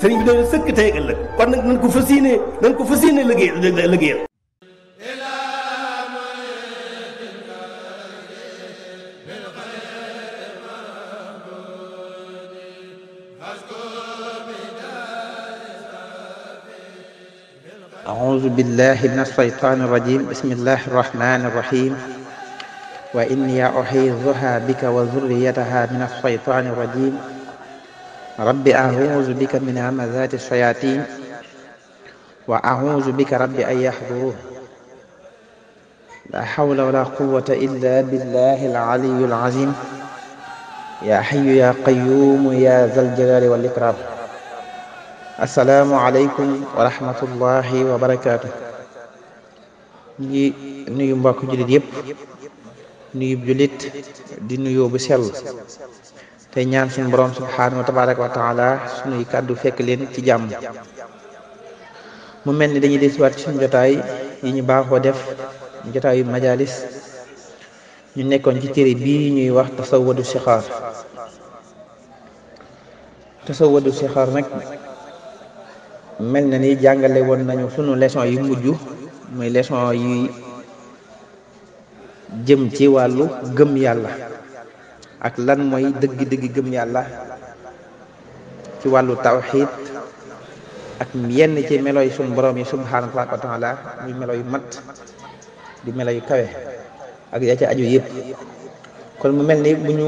sëriñ bi dana sëkk tey ëllëg kon nag nañ ko fas yéene nañ ko fas yéene liggéey liggéeyal أعوذ بالله من الشيطان الرجيم بسم الله الرحمن الرحيم وإني أعيذها بك وذريتها من الشيطان الرجيم rabbi ahuuzu bika min hamazati shayatin wa ahuuzu bika rabbi an yaxduruun la hawla wala quwwata illa billahi alaliyu alazim ya hayyu ya qayyumu ya zal jalali wal ikram assalaamu aleykum wa rahmatullahi wa barakaatu ngi nuyu mbokk jullit yëpp nuyu jullit di nuyoo bu sell te ñaan suñu borom subhaanahu wa tabaraka wa taala suñuy kàddu fekk leen ci jàmm mu mel ni dañuy desiwaat ci suñu jotaay yi ñu baaxoo def jotaayu majalis ñu nekkoon ci téere bii ñuy wax tasawadu sixaar tasawadu sixaar nag mel na ni jàngale woon nañu sunu leçon yu mujj muy leçon yi jëm ci wàllu gëm yàlla ak lan mooy dëgg-dëgg gëm yàlla ci wàllu tawxiid ak yenn ci melooy suñ borom yi subhaanahu wa taala muy melo yu mat di melo yu kawe ak yaa ci aju yëpp kon mu mel ni bu ñu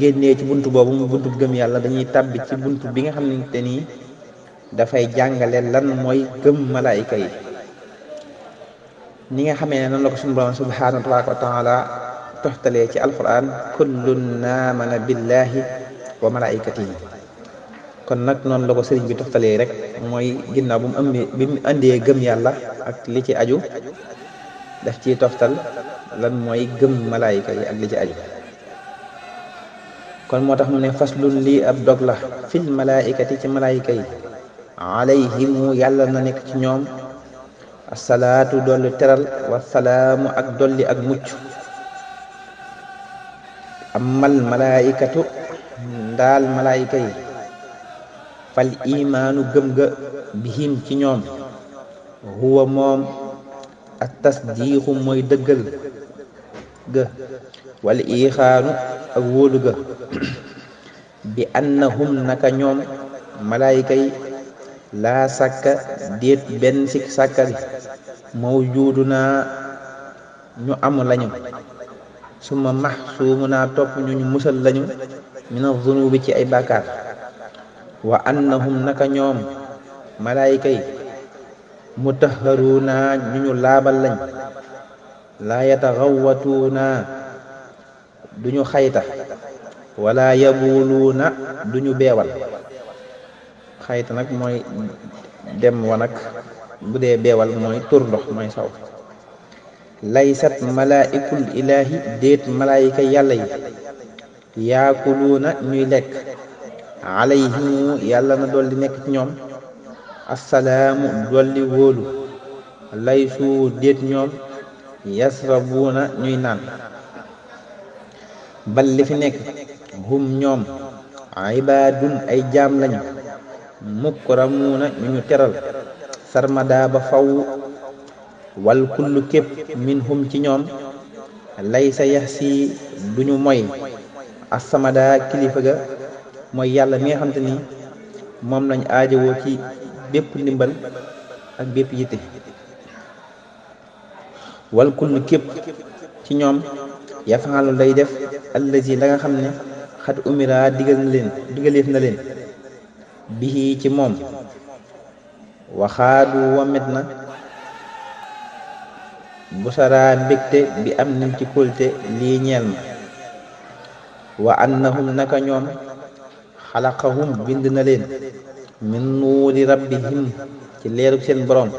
génnee ci bunt boobu mu buntu gëm yàlla dañuy tàbbi ci buntu bi nga xamante ni dafay jàngale lan mooy gëm malaayika yi ni nga xamee ne noonu la ko suñu borom subhaanahu wa toftalee ci alquran kullun naamana billahi wa malaikatihi kon nag noonu la ko sëriñ bi toftalee rek mooy ginnaaw bu mu amee bi mu andee gëm yàlla ak li ci aju daf ciy toftal lan mooy gëm malaayika ak li ci aju kon moo tax mu ne faslun lii ab dog la fil malaayikati ci malaayika yi alayhimu yàlla na nekk ci ñoom asalaatu dolli teral wasalaamu ak dolli ak mucc amal malaayikatu ndaal malaayika yi fal imaanu gëm ga bihim ci ñoom huwa moom ak tasdiixu mooy dëggal ga wal ixaanu ak wóolu ga bi annahum naka ñoom malaayika yi laa sàkka déet benn sikk sàkka bi naa ñu am lañu suma max suumu naa topp ñu ñu musal lañu mina zunubi ci ay bàkkaar wa annahum naka ñoom malaayika yi mutahharuuna ñu ñu laabal lañ laa naa du ñu xayta wala yabuluuna du ñu beewal xayta nag mooy dem wa nag bu dee beewal mooy tur ndox mooy saw laysat malaa'ikul ilaahi déet malaayika yàlla yi yaakuluuna ñuy lekk alayhimu yàlla na di nekk ci ñoom assalaamu dolli wóolu laysu déet ñoom yasrabuuna ñuy naan bal li fi nekk hum ñoom ay jaam lañu mukramuuna ñu ñu teral sarmada ba faw wal kullu képp minhum ci ñoom sa yax si duñu moy asamada kilifa ga mooy yàlla mi nga xamante ni moom lañ aajowoo ci bépp ndimbal ak bépp yitte wal kullu képp ci ñoom yafaxalu lay def allazi la nga xam ne xat umira digal na leen digaleef na ci moom waxaadu wamet na busaraa mbégte bi am na ci kulte lii ñeel ma wa annahum naka ñoom xalaqahum bind na leen min nuuri rabbihim ci leerug seen borom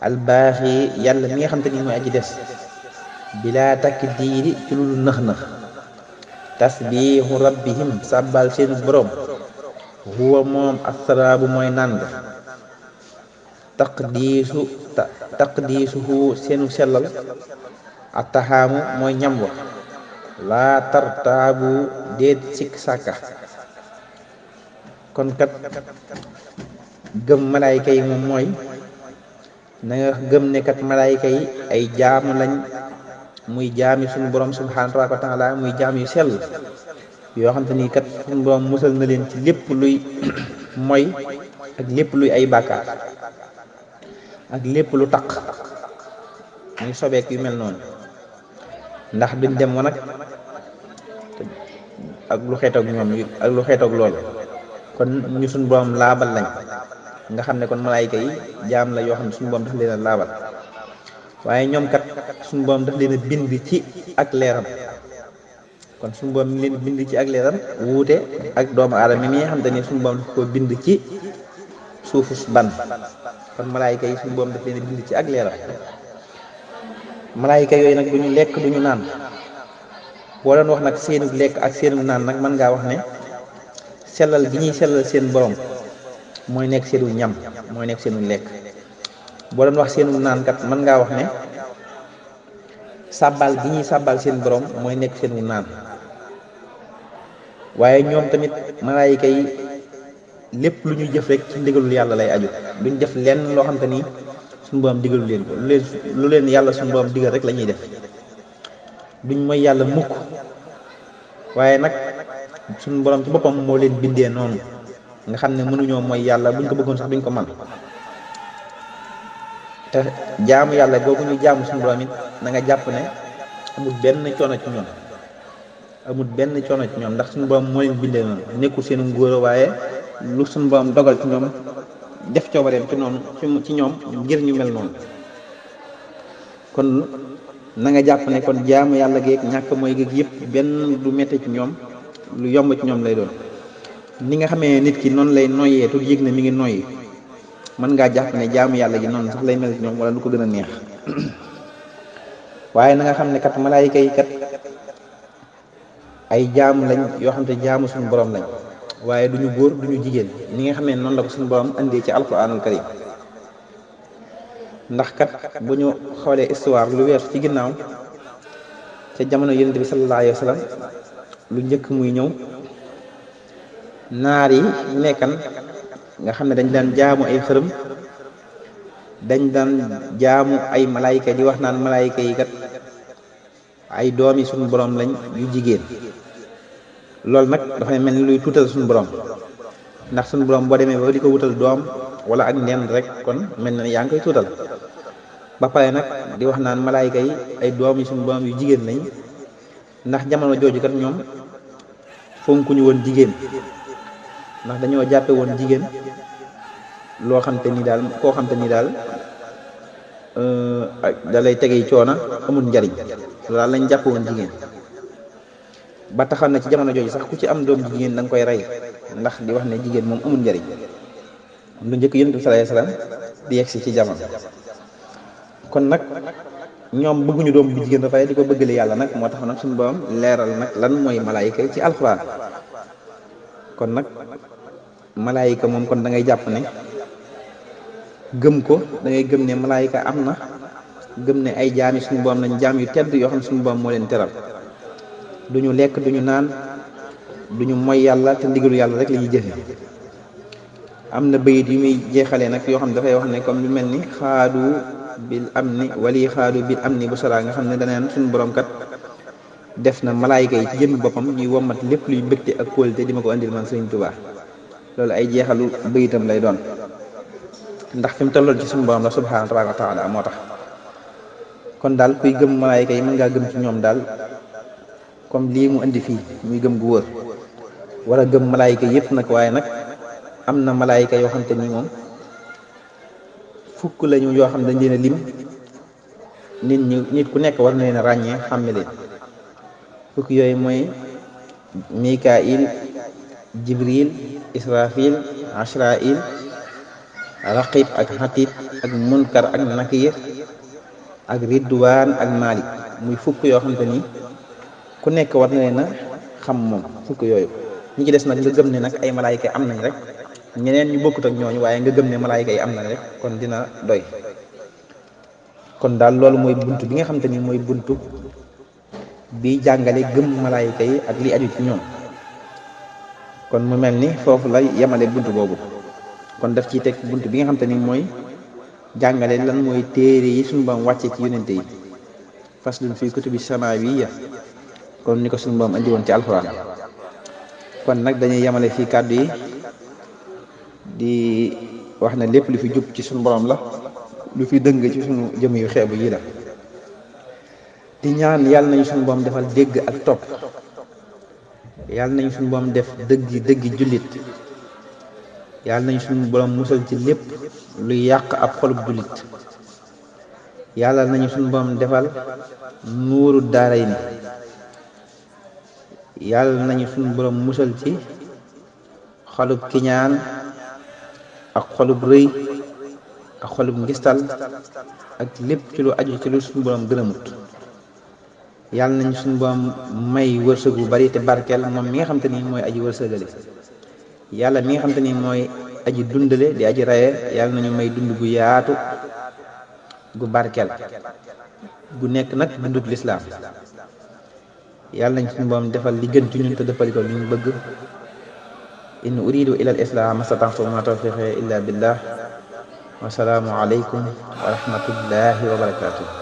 albaaxi yàlla mi nga xam ni mooy aji des bilaa takk diiri ci lu nëx nëx tasbiixu rabbihim sàbbal seen borom huwa moom asraabu mooy nand taqdiisu taqdiisuhu seenu sellal attaxaamu mooy ñam wa laa tartaabu déet sikk sàkka kon kat gëm malaayka yi moom mooy na gëm ne malaayka yi ay jaam lañ muy jaami suñu borom subhaanahu wa taala muy jaam yu sell yoo xam te ni kat suñu borom musal na leen ci lépp luy moy ak lépp luy ay bàkkaar ak lépp lu taq muy sobeek yu mel noonu ndax duñ dem wanag ak lu xeetoog ñoom ak lu xeetoog loolu kon ñu suñ borom laabal lañ nga xam ne kon malaayka yi jaam la yoo xam ne suñu borom daf leen waaye ñoom kat suñu borom daf leen a bind ci ak leeram kon suñu borom leen bind ci ak leeram wuute ak doomu aadama mi nga xam te ne suñ borom daf ko bind ci suufu ban kon malaayika yi suñu boom daf leen bind ci ak leeram malaayika yooyu nag duñu lekk ñu naan boo doon wax nag seenu lekk ak seenu naan nag mën ngaa wax ne sellal gi ñuy sellal seen borom mooy nekk seenu ñam mooy nekk seenu lekk boo doon wax seenu naan mën ngaa wax ne sàbbal gi ñuy seen borom mooy nekk seenu naan waaye ñoom tamit malaayika yi lépp lu ñuy jëf rek ci ndigalul yàlla lay aju duñ def lenn loo xam te ni suñu borom digalul leen ko lu leen lu leen yàlla suñu borom digal rek la ñuy def duñ mooy yàlla mukk waaye nag suñ boroom ci boppam moo leen bindee noonu nga xam ne mënuñoo mooy yàlla buñ ko bëggoon sax duñ ko man te jaamu yàlla googu ñu jaamu suñu borom it na jàpp ne amul benn coono ci ñoom amul benn coono ci ñoom ndax suñu borom moo leen bindee noonu nekkul seen ngóor waaye. lu suñu borom dogal ci ñoom def coobareem ci noonu ci ñoom ngir ñu mel noonu kon na nga jàpp ne kon jaamu yàlla géeg ñàkk mooy géeg yëpp benn du métti ci ñoom lu yomb ci ñoom lay doon ni nga xamee nit ki noonu lay noyyee tu yëg ne mi ngi noyyi mën ngaa jàpp ne jaamu yàlla gi noonu sax lay mel ci ñoom wala lu ko gën a neex waaye na nga xam ne kat malaayika yi kat ay jaamu lañ yoo xam te jaamu suñu borom lañ waaye du ñu góor du ñu jigéen ni nga xamee noonu la suñu suñu borom indee ci alquranul karim ndax kat bu ñu xoolee histoire lu weer ci ginnaaw ca jamono yonent bi sallallahu alayhi lu njëkk muy ñëw naar yi nekkan nga xam ne dañ daan jaamu ay xërëm dañ daan jaamu ay malaayka di wax naan malaayka yi kat ay yi suñu borom lañ yu jigéen loolu nag dafay mel ni luy tuutal suñu borom ndax suñu borom boo demee ba di ko wutal doom wala ak neen rek kon mel na yaa ngi koy tuutal ba pare nag di wax naan malaayika yi ay doom yi suñu borom yu jigéen lañ ndax jamono jooju kat ñoom fonkuñu woon jigéen ndax dañoo jàppe woon jigéen loo xam te ni daal koo xam te ni daal euh, da lay tegee coona amul njariñ daal lañ jàppe woon jigéen ba taxaw na ci jamono jooju sax ku ci am doom jigéen da nga koy rey ndax di wax ne jigéen moom amul njëriñ lu njëkk yonent bi sallallahu alayhi wasallam di yegsi ci jamono kon nag ñoom bëgguñu doom bu jigéen dafay di ko bëggale yàlla nag moo tax nag suñu boom leeral nag lan mooy malaayika ci alxuraan kon nag malaayika moom kon da ngay jàpp ne gëm ko dangay gëm ne malaayika am na gëm ne ay jaami suñu borom lañ jaam yu tedd yoo xam ne suñu borom moo leen teral du ñu lekk duñu naan du ñu moy yàlla te ndigalu yàlla rek la ñuy jëfe am na bayit yu muy jeexalee nag yoo xam ne dafay wax ne comme lu mel ni xaadu bil am ni wali xaadu bil am ni bu sara nga xam ne daneen suñu borom kat def na malaayka yi ci jëmmi boppam ñuy womat lépp luy mbégte ak kóolute di ma ko andil man Sëriñ Tuubaa loolu ay jeexalu bayitam lay doon ndax fi mu tolloon ci suñu borom la subhaanahu wa taala moo tax kon daal kuy gëm malaayka yi mën ngaa gëm ci ñoom daal comme lii mu indi fii muy gëm gu wóor war gëm malaayika yëpp nag waaye nag am na malaayika yoo xam te ni moom fukk lañu yoo xam dañ leen a lim nit ñi nit ku nekk war na leen a ràññee xàmme leen fukk yooyu mooy mikail jibril israfil ashrail raqib ak xatib ak munkar ak nakir ak ridwaan ak malik muy fukk yoo xam ku nekk war na leen a xam moom fukk yooyu ñi ci des nag nga gëm ne nag ay malaayika am nañ rek ñeneen ñu bokkut ak ñooñu waaye nga gëm ne malaayika yi am nañ rek kon dina doy kon daal loolu mooy bunt bi nga xam te ni mooy buntu bi jàngale gëm malaayika yi ak li aju ci ñoom kon mu mel ni foofu la yemale bunt boobu kon daf ciy teg bunt bi nga xam te ni mooy jàngale lan mooy téere yi suñu bam wàcce ci yonente yi faslun fii kutubi samawiyya kon ni ko suñu borom andi woon ci alxuraan kon nag dañuy yamale fii kàddu yi di wax na lépp lu fi jub ci suñu borom la lu fi dëng ci suñu jëm yu xeebu yi la di ñaan yàlla nañu suñu borom defal dégg ak topp yàlla nañu suñu borom def dëggi dëggi jullit yàlla nañu suñu borom musal ci lépp lu yàq ab xolub jullit yàlla nañu suñu borom defal nuuru daaray ni yàlla nañu suñu boroom musal ci xolub kiñaan ak xolub rëy ak xolub ngistal ak lépp ci lu aju ci lu suñu borom gërëmut yàlla nañu suñu borom may wërsëg bu bari te barkeel moom mi nga xam te ni mooy aji wërsëgale yàlla mi nga xam te ni mooy aji dundale di aji raye yàlla nañu may dund gu yaatu gu barkeel gu nekk nag dundug lislaam yàlla nañ suñu boom defal li gën ci ñun te defal ko li ñu bëgg in uridu ila al islam mastata'tu ma tawfiqi illa billah wa salaamu alaykum wa wa barakatuh